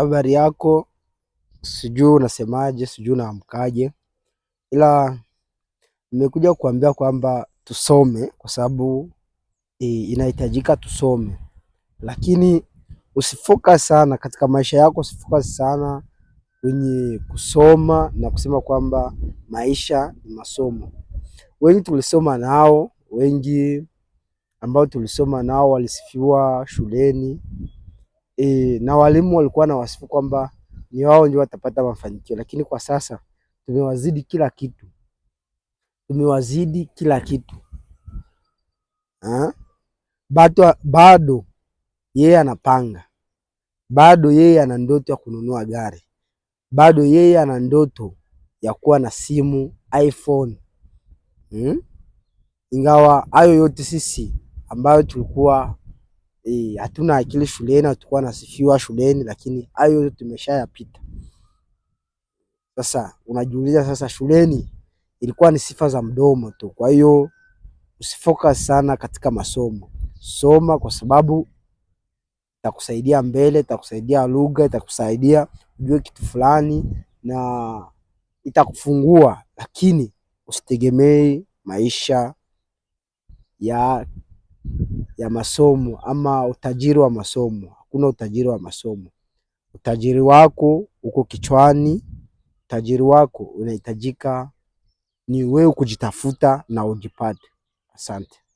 habari yako, sijui unasemaje, sijui unaamkaje, ila nimekuja kuambia kwamba tusome kwa sababu e, inahitajika tusome, lakini usifoka sana katika maisha yako, usifoka sana kwenye kusoma na kusema kwamba maisha ni masomo. Wengi tulisoma nao, wengi ambao tulisoma nao walisifiwa shuleni, e, na walimu walikuwa na wasifu kwamba ni wao ndio watapata mafanikio, lakini kwa sasa tumewazidi kila kitu, tumewazidi kila kitu ha? Ah? Bado, bado yeye anapanga, bado yeye ana ndoto ya kununua gari, bado yeye ana ndoto ya kuwa na simu iPhone hmm? Ingawa hayo yote sisi ambayo tulikuwa eh, hatuna akili shuleni, hatukuwa nasifiwa shuleni, lakini hayo yote tumeshayapita. Sasa unajiuliza sasa, shuleni ilikuwa ni sifa za mdomo tu. Kwa hiyo usifokas sana katika masomo, soma kwa sababu itakusaidia mbele, itakusaidia lugha, itakusaidia ujue kitu fulani na itakufungua, lakini usitegemei maisha ya ya masomo ama utajiri wa masomo. Hakuna utajiri wa masomo. Utajiri wako uko kichwani. Utajiri wako unahitajika ni wewe kujitafuta na ujipate. Asante.